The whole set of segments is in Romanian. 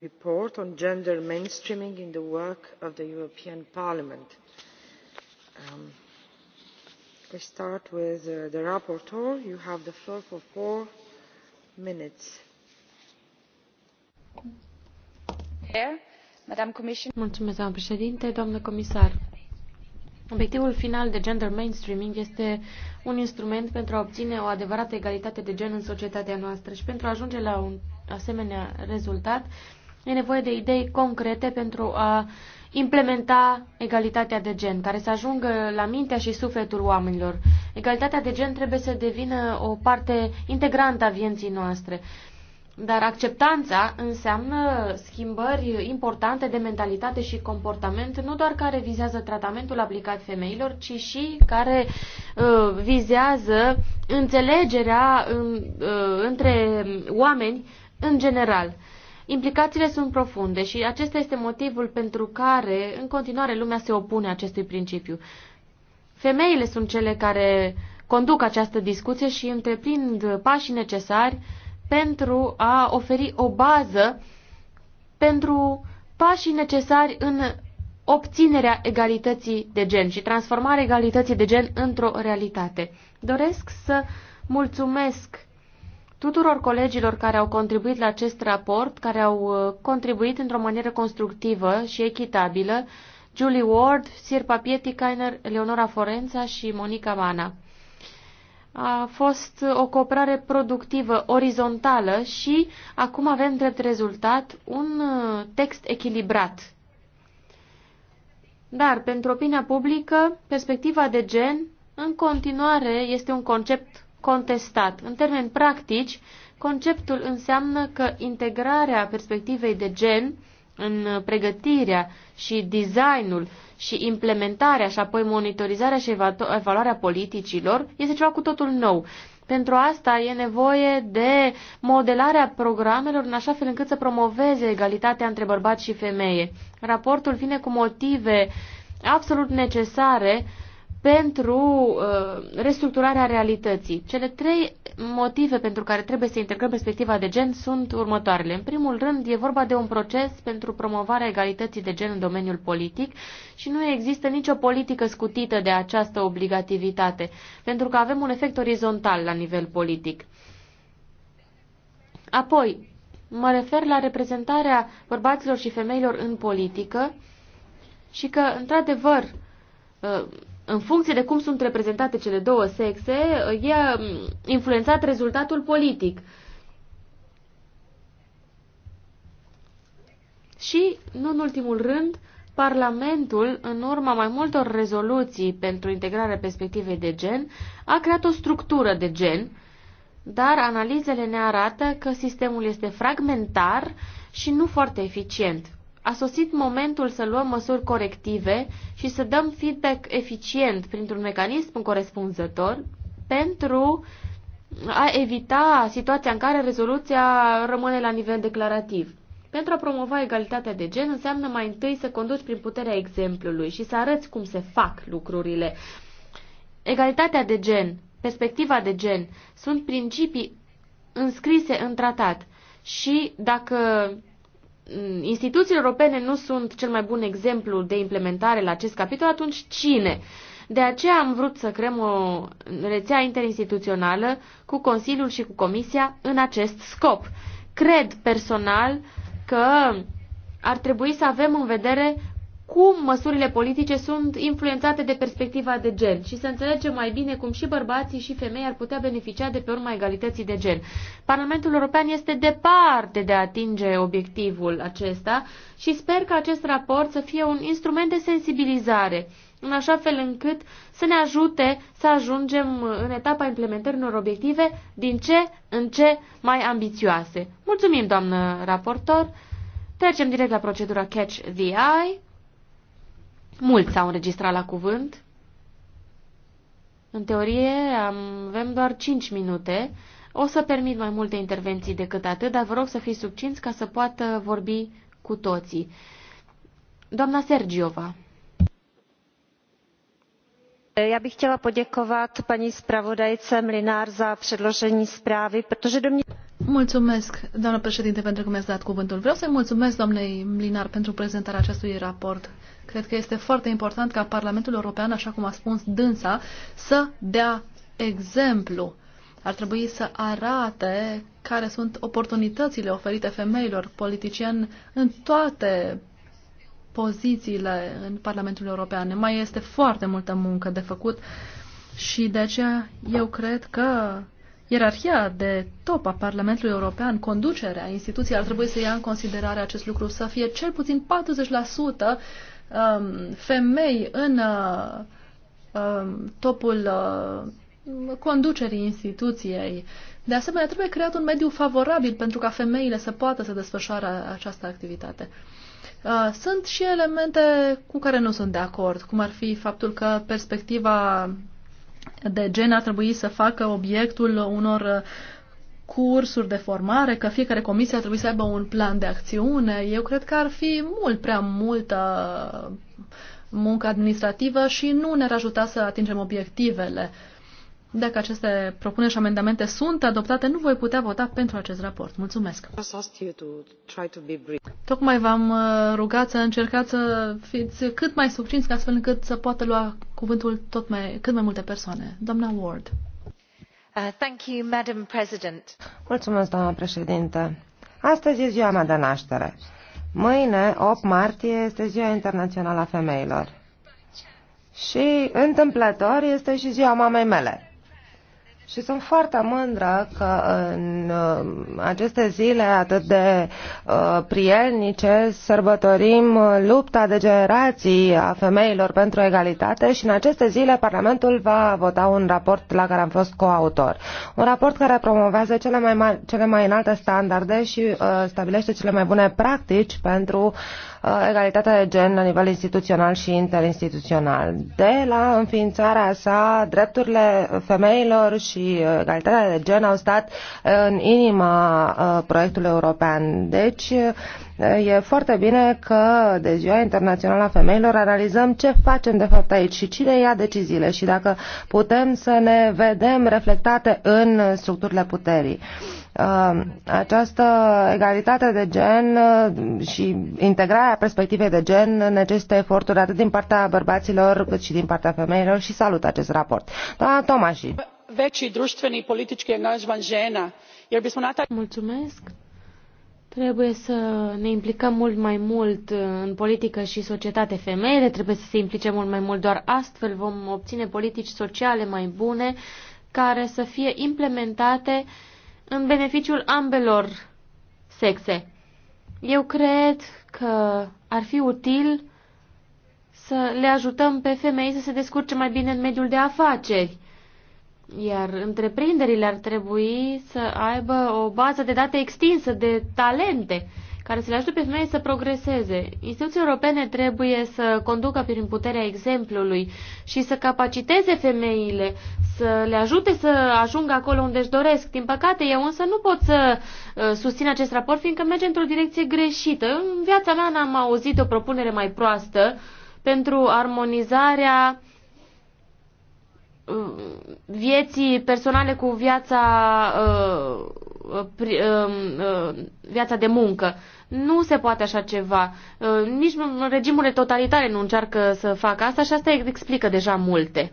report on gender mainstreaming in the work of the European Parliament. I um, we start with uh, the rapporteur. You have the floor for four minutes. Mulțumesc, doamnă președinte, doamnă comisar. Obiectivul final de gender mainstreaming este un instrument pentru a obține o adevărată egalitate de gen în societatea noastră și pentru a ajunge la un asemenea rezultat E nevoie de idei concrete pentru a implementa egalitatea de gen, care să ajungă la mintea și sufletul oamenilor. Egalitatea de gen trebuie să devină o parte integrantă a vieții noastre. Dar acceptanța înseamnă schimbări importante de mentalitate și comportament, nu doar care vizează tratamentul aplicat femeilor, ci și care uh, vizează înțelegerea um, uh, între oameni în general. Uh, Implicațiile sunt profunde și acesta este motivul pentru care în continuare lumea se opune acestui principiu. Femeile sunt cele care conduc această discuție și întreprind pașii necesari pentru a oferi o bază pentru pașii necesari în obținerea egalității de gen și transformarea egalității de gen într-o realitate. Doresc să mulțumesc tuturor colegilor care au contribuit la acest raport, care au uh, contribuit într-o manieră constructivă și echitabilă, Julie Ward, Sirpa Pietikainer, Leonora Forența și Monica Mana. A fost o cooperare productivă, orizontală și acum avem drept rezultat un uh, text echilibrat. Dar, pentru opinia publică, perspectiva de gen în continuare este un concept contestat. În termeni practici, conceptul înseamnă că integrarea perspectivei de gen în pregătirea și designul și implementarea și apoi monitorizarea și evaluarea politicilor este ceva cu totul nou. Pentru asta e nevoie de modelarea programelor în așa fel încât să promoveze egalitatea între bărbați și femeie. Raportul vine cu motive absolut necesare pentru uh, restructurarea realității. Cele trei motive pentru care trebuie să integrăm perspectiva de gen sunt următoarele. În primul rând, e vorba de un proces pentru promovarea egalității de gen în domeniul politic și nu există nicio politică scutită de această obligativitate, pentru că avem un efect orizontal la nivel politic. Apoi, mă refer la reprezentarea bărbaților și femeilor în politică și că, într-adevăr, uh, în funcție de cum sunt reprezentate cele două sexe, e influențat rezultatul politic. Și, nu în ultimul rând, Parlamentul, în urma mai multor rezoluții pentru integrarea perspectivei de gen, a creat o structură de gen, dar analizele ne arată că sistemul este fragmentar și nu foarte eficient. A sosit momentul să luăm măsuri corective și să dăm feedback eficient printr-un mecanism corespunzător pentru a evita situația în care rezoluția rămâne la nivel declarativ. Pentru a promova egalitatea de gen înseamnă mai întâi să conduci prin puterea exemplului și să arăți cum se fac lucrurile. Egalitatea de gen, perspectiva de gen sunt principii înscrise în tratat și dacă instituțiile europene nu sunt cel mai bun exemplu de implementare la acest capitol, atunci cine? De aceea am vrut să creăm o rețea interinstituțională cu Consiliul și cu Comisia în acest scop. Cred personal că ar trebui să avem în vedere cum măsurile politice sunt influențate de perspectiva de gen și să înțelegem mai bine cum și bărbații și femei ar putea beneficia de pe urma egalității de gen. Parlamentul European este departe de a atinge obiectivul acesta și sper că acest raport să fie un instrument de sensibilizare în așa fel încât să ne ajute să ajungem în etapa implementării unor obiective din ce în ce mai ambițioase. Mulțumim, doamnă raportor! Trecem direct la procedura Catch the Eye. Mulți s-au înregistrat la cuvânt. În teorie am, avem doar 5 minute. O să permit mai multe intervenții decât atât, dar vă rog să fiți subcinți ca să poată vorbi cu toții. Doamna Sergiova. Já bych chtěla poděkovat paní zpravodajce Mlinár za předložení zprávy, protože do mě... Mulțumesc, doamnă președinte, pentru că mi-ați dat cuvântul. Vreau să-i mulțumesc doamnei Mlinar pentru prezentarea acestui raport Cred că este foarte important ca Parlamentul European, așa cum a spus dânsa, să dea exemplu. Ar trebui să arate care sunt oportunitățile oferite femeilor politicieni în toate pozițiile în Parlamentul European. Mai este foarte multă muncă de făcut și de aceea eu cred că ierarhia de top a Parlamentului European, conducerea instituției, ar trebui să ia în considerare acest lucru, să fie cel puțin 40% um, femei în uh, um, topul uh, conducerii instituției. De asemenea, trebuie creat un mediu favorabil pentru ca femeile să poată să desfășoare această activitate. Uh, sunt și elemente cu care nu sunt de acord, cum ar fi faptul că perspectiva de gen ar trebui să facă obiectul unor uh, cursuri de formare, că fiecare comisie ar trebui să aibă un plan de acțiune. Eu cred că ar fi mult prea multă muncă administrativă și nu ne-ar ajuta să atingem obiectivele. Dacă aceste propuneri și amendamente sunt adoptate, nu voi putea vota pentru acest raport. Mulțumesc. Tocmai v-am uh, rugat să încercați să fiți cât mai succinți, astfel încât să poată lua cuvântul tot mai, cât mai multe persoane. Doamna Ward. Uh, Mulțumesc, doamnă președinte. Astăzi e ziua mea de naștere. Mâine, 8 martie, este ziua internațională a femeilor. Și, întâmplător, este și ziua mamei mele. Și sunt foarte mândră că în uh, aceste zile atât de uh, prielnice sărbătorim uh, lupta de generații a femeilor pentru egalitate și în aceste zile Parlamentul va vota un raport la care am fost coautor. Un raport care promovează cele mai, mari, cele mai înalte standarde și uh, stabilește cele mai bune practici pentru uh, egalitatea de gen la nivel instituțional și interinstituțional. De la înființarea sa, drepturile femeilor și și uh, egalitatea de gen au stat în inima uh, proiectului european. Deci uh, e foarte bine că de Ziua Internațională a Femeilor analizăm ce facem de fapt aici și cine ia deciziile și dacă putem să ne vedem reflectate în structurile puterii această egalitate de gen și integrarea perspectivei de gen necesită eforturi atât din partea bărbaților cât și din partea femeilor și salut acest raport. Doamna Tomași vei drutveni i politički angažman žena jer bismo na taj Trebuie să ne implicăm mult mai mult în politică și societate femeile, trebuie să se implice mult mai mult, doar astfel vom obține politici sociale mai bune care să fie implementate în beneficiul ambelor sexe. Eu cred că ar fi util să le ajutăm pe femei să se descurce mai bine în mediul de afaceri. Iar întreprinderile ar trebui să aibă o bază de date extinsă de talente care să le ajute pe femei să progreseze. Instituțiile europene trebuie să conducă prin puterea exemplului și să capaciteze femeile, să le ajute să ajungă acolo unde își doresc. Din păcate, eu însă nu pot să uh, susțin acest raport, fiindcă merge într-o direcție greșită. În viața mea n-am auzit o propunere mai proastă pentru armonizarea uh, vieții personale cu viața, uh, uh, uh, viața de muncă. Nu se poate așa ceva. Nici regimurile totalitare nu încearcă să facă asta și asta explică deja multe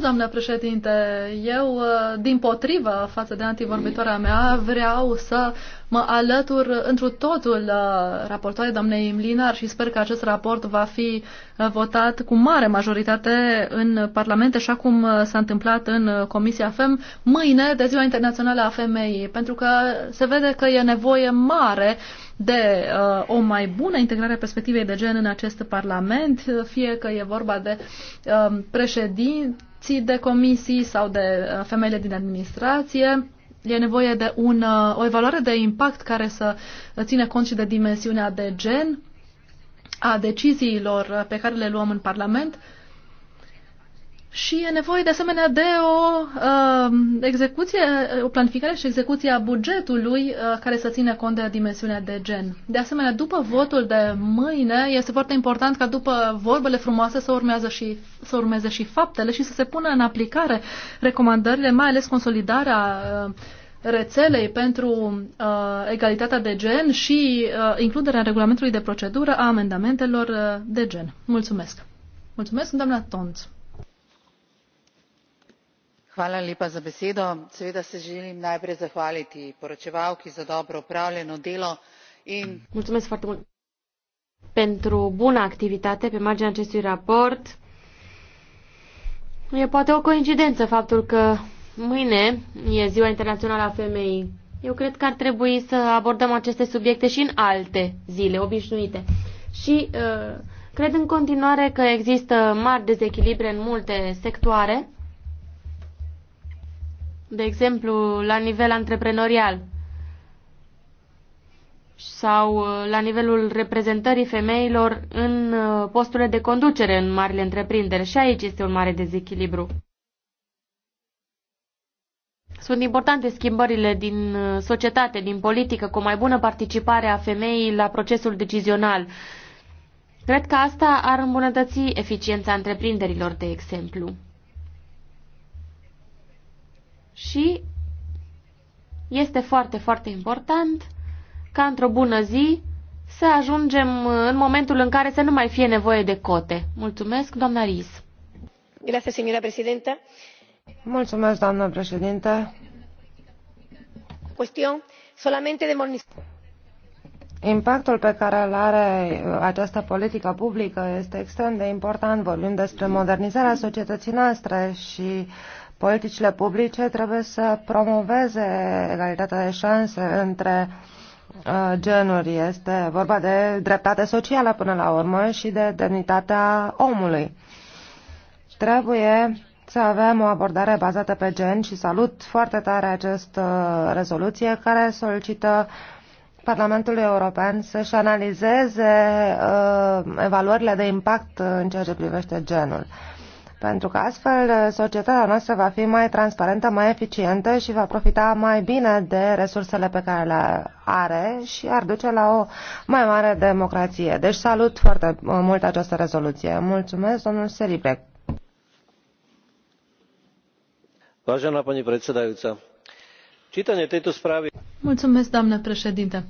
doamnă președinte. Eu, uh, din potrivă față de antivorbitoarea mea, vreau să mă alătur întru totul uh, raportoarei doamnei Mlinar și sper că acest raport va fi uh, votat cu mare majoritate în Parlament, așa cum s-a întâmplat în Comisia FEM, mâine de Ziua Internațională a Femeii, pentru că se vede că e nevoie mare uh, de uh, o mai bună integrare a perspectivei de gen în acest Parlament, fie că e vorba de uh, președinții de comisii sau de uh, femeile din administrație. E nevoie de un, uh, o evaluare de impact care să ține cont și de dimensiunea de gen a deciziilor pe care le luăm în Parlament și e nevoie de asemenea de o uh, execuție, o planificare și execuție a bugetului uh, care să ține cont de dimensiunea de gen. De asemenea, după votul de mâine, este foarte important ca după vorbele frumoase să, urmează și, să urmeze și faptele și să se pună în aplicare recomandările, mai ales consolidarea uh, rețelei pentru uh, egalitatea de gen și uh, includerea în regulamentului de procedură a amendamentelor uh, de gen. Mulțumesc! Mulțumesc, doamna Tonț! seveda se želim najprej zahvaliti poročevalki za dobro opravljeno delo in. mulțumesc pentru buna activitate pe marginea acestui raport. E poate o coincidență faptul că mâine e Ziua Internațională a Femeii. Eu cred că ar trebui să abordăm aceste subiecte și în alte zile obișnuite. Și uh, cred în continuare că există mari dezechilibre în multe sectoare de exemplu, la nivel antreprenorial sau uh, la nivelul reprezentării femeilor în uh, posturile de conducere în marile întreprinderi. Și aici este un mare dezechilibru. Sunt importante schimbările din uh, societate, din politică, cu o mai bună participare a femeii la procesul decizional. Cred că asta ar îmbunătăți eficiența întreprinderilor, de exemplu și este foarte, foarte important ca într-o bună zi să ajungem în momentul în care să nu mai fie nevoie de cote. Mulțumesc, doamna Riz. Mulțumesc, doamna președinte. Cuestión solamente de Impactul pe care îl are această politică publică este extrem de important. Vorbim despre modernizarea societății noastre și Politicile publice trebuie să promoveze egalitatea de șanse între uh, genuri. Este vorba de dreptate socială până la urmă și de demnitatea omului. Trebuie să avem o abordare bazată pe gen și salut foarte tare această rezoluție care solicită Parlamentului European să-și analizeze uh, evaluările de impact în ceea ce privește genul. Uh, pentru că astfel uh, societatea noastră va fi mai transparentă, mai eficientă și va profita mai bine de resursele pe care le are și ar duce la o mai mare democrație. Deci salut foarte uh, mult această rezoluție. Mulțumesc, domnul Seribrec. Mulțumesc, doamnă președinte.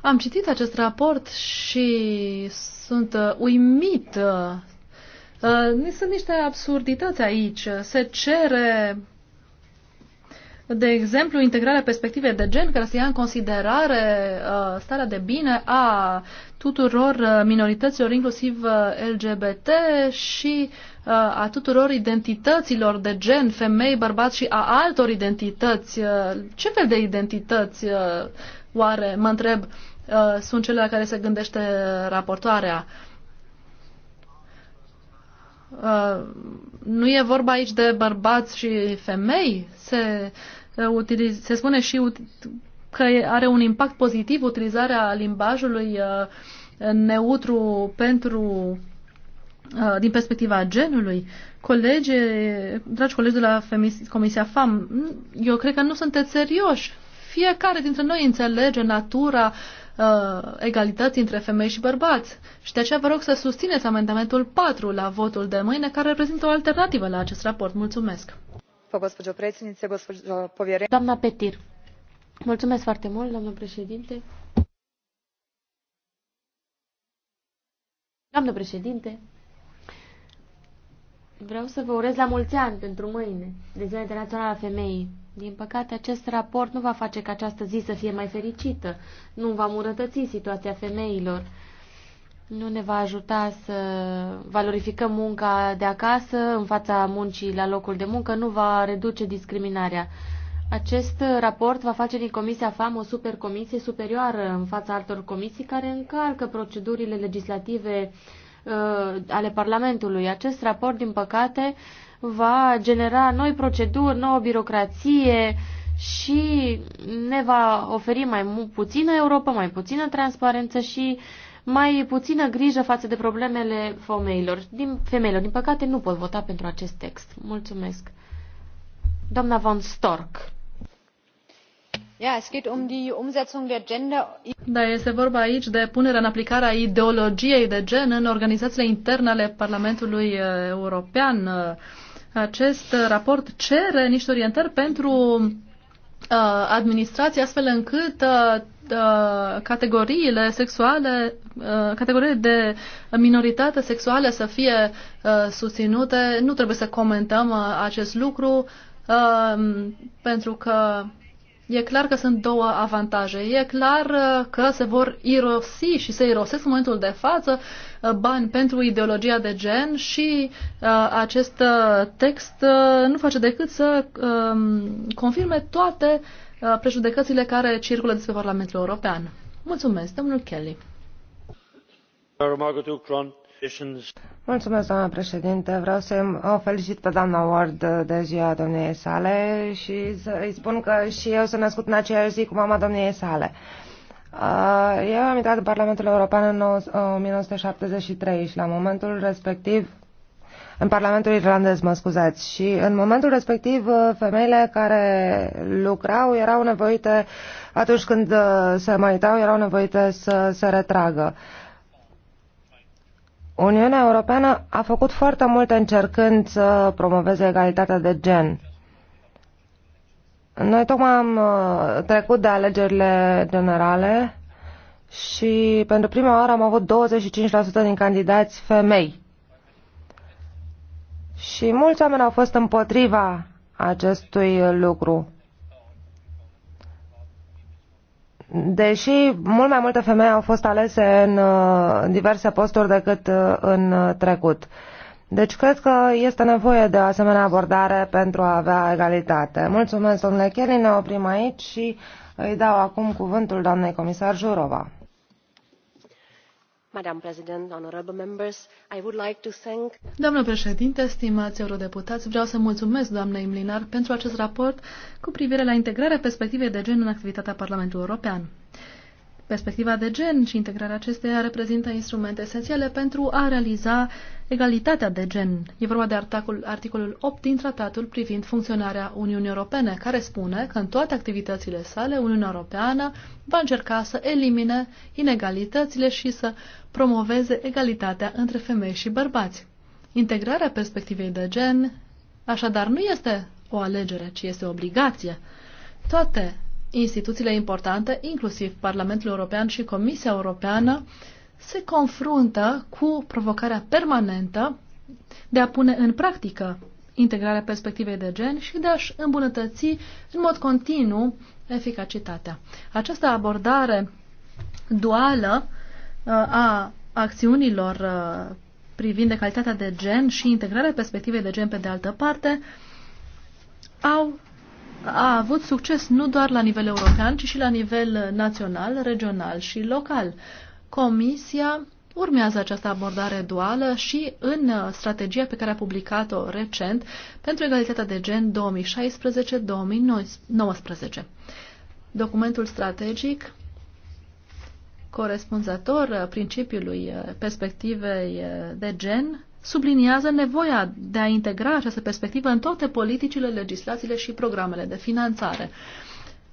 Am citit acest raport și sunt uh, uimit Uh, sunt niște absurdități aici. Se cere de exemplu, integrarea perspectivei de gen, care să ia în considerare uh, starea de bine a tuturor uh, minorităților, inclusiv uh, LGBT, și uh, a tuturor identităților de gen, femei, bărbați și a altor identități. Uh, ce fel de identități, uh, oare, mă întreb, uh, sunt cele la care se gândește raportoarea? Uh, Uh, nu e vorba aici de bărbați și femei. Se, uh, utiliz, se spune și că are un impact pozitiv utilizarea limbajului uh, neutru pentru din perspectiva genului, colegi, dragi colegi de la Femis, Comisia FAM, eu cred că nu sunteți serioși. Fiecare dintre noi înțelege natura uh, uh, egalități între femei și bărbați. Și de aceea vă rog să susțineți amendamentul 4 la votul de mâine, care reprezintă o alternativă la acest raport. Mulțumesc! Doamna Petir. Mulțumesc foarte mult, doamnă președinte. Doamnă președinte, vreau să vă urez la mulți ani pentru mâine, de Ziua Internațională a Femeii. Din păcate, acest raport nu va face ca această zi să fie mai fericită, nu va murătăți situația femeilor, nu ne va ajuta să valorificăm munca de acasă în fața muncii la locul de muncă, nu va reduce discriminarea. Acest raport va face din Comisia FAM o supercomisie superioară în fața altor comisii care încalcă procedurile legislative uh, ale Parlamentului. Acest raport, din păcate, uh, va genera noi proceduri, nouă birocrație și ne va oferi mai puțină Europa, mai puțină transparență și mai puțină grijă față de problemele femeilor. Din, femeilor, din păcate, nu pot vota pentru acest text. Mulțumesc. Doamna von Stork. Um da, este vorba aici de punerea în aplicare a ideologiei de gen în organizațiile interne ale Parlamentului eh, European. Uh, acest raport cere niște orientări pentru uh, administrație astfel încât uh, uh categoriile sexuale, uh, categoriile de minoritate sexuală să fie uh, susținute. Nu trebuie să comentăm acest lucru pentru că e clar că sunt două avantaje. E clar că se vor irosi și se irosesc în momentul de față Uh, bani pentru ideologia de gen și uh, acest uh, text nu face decât să um, confirme toate prejudecățile care circulă despre Parlamentul European. Mulțumesc, domnul Kelly. Mulțumesc, doamna președinte. Vreau să o felicit pe doamna Ward de ziua domniei sale și să îi spun că și eu sunt născut în aceeași zi cu mama domniei sale. Uh, Uh, eu am intrat în Parlamentul European în 1973 uh, și la momentul respectiv în Parlamentul Irlandez, mă scuzați. Și în momentul respectiv, uh, femeile care lucrau erau nevoite, atunci când se mai uitau, erau nevoite să se retragă. Uniunea Europeană a făcut foarte multe încercând să promoveze egalitatea de gen noi tocmai am uh, trecut de alegerile generale și pentru prima oară am avut 25% din candidați femei. Și mulți oameni au fost împotriva acestui lucru. Deși mult mai multe femei au fost alese în uh, diverse posturi decât uh, în trecut. Deci cred că este nevoie de o asemenea abordare pentru a avea egalitate. Mulțumesc, domnule Kelly, ne oprim aici și îi dau acum cuvântul doamnei comisar Jurova. Like Doamnă președinte, stimați eurodeputați, vreau să mulțumesc doamnei Mlinar pentru acest raport cu privire la integrarea perspectivei de gen în activitatea Parlamentului European. Perspectiva de gen și integrarea acesteia reprezintă instrumente esențiale pentru a realiza egalitatea de gen. E vorba de articol, articolul 8 din tratatul privind funcționarea Uniunii Europene, care spune că în toate activitățile sale Uniunea Europeană va încerca să elimine inegalitățile și să promoveze egalitatea între femei și bărbați. Integrarea perspectivei de gen, așadar, nu este o alegere, ci este o obligație. Toate instituțiile importante, inclusiv Parlamentul European și Comisia Europeană, se confruntă cu provocarea permanentă de a pune în practică integrarea perspectivei de gen și de a-și îmbunătăți în mod continuu eficacitatea. Această abordare duală uh, a acțiunilor uh, privind calitatea de gen și integrarea perspectivei de gen pe de altă parte au a avut succes nu doar la nivel european, ci și la nivel uh, național, regional și local. Comisia urmează această abordare duală și în uh, strategia pe care a publicat-o recent pentru egalitatea de gen 2016-2019. Documentul strategic corespunzător uh, principiului perspectivei de gen subliniază nevoia de a integra această perspectivă în toate politicile, legislațiile și programele de finanțare.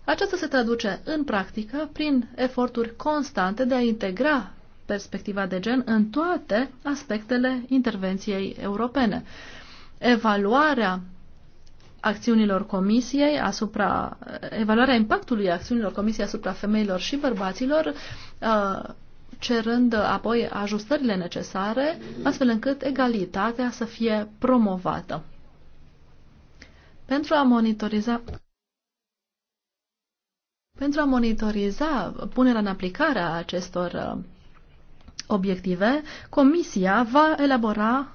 Aceasta se traduce în practică prin eforturi constante de a integra perspectiva de gen în toate aspectele intervenției europene. Evaluarea acțiunilor comisiei asupra, evaluarea impactului acțiunilor comisiei asupra femeilor și bărbaților uh, cerând apoi ajustările necesare, astfel încât egalitatea să fie promovată. Pentru a monitoriza pentru a monitoriza punerea în aplicare a acestor uh, obiective, Comisia va elabora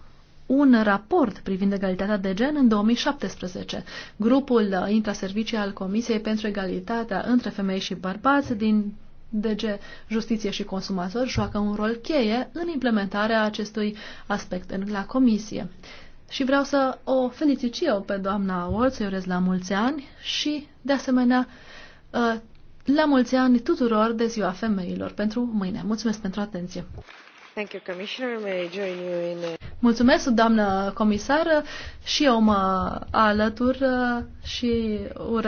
un raport privind egalitatea de gen în 2017. Grupul uh, intraservicii al Comisiei pentru Egalitatea între Femei și Bărbați din DG Justiție și Consumator joacă un rol cheie în implementarea acestui aspect în, la comisie. Și vreau să o felicit și eu pe doamna Ward, să-i urez la mulți ani și, de asemenea, ă, la mulți ani tuturor de Ziua Femeilor pentru mâine. Mulțumesc pentru atenție! Thank you, Commissioner. May I join you in... Mulțumesc, doamnă comisară, și eu mă alătur ă, și urez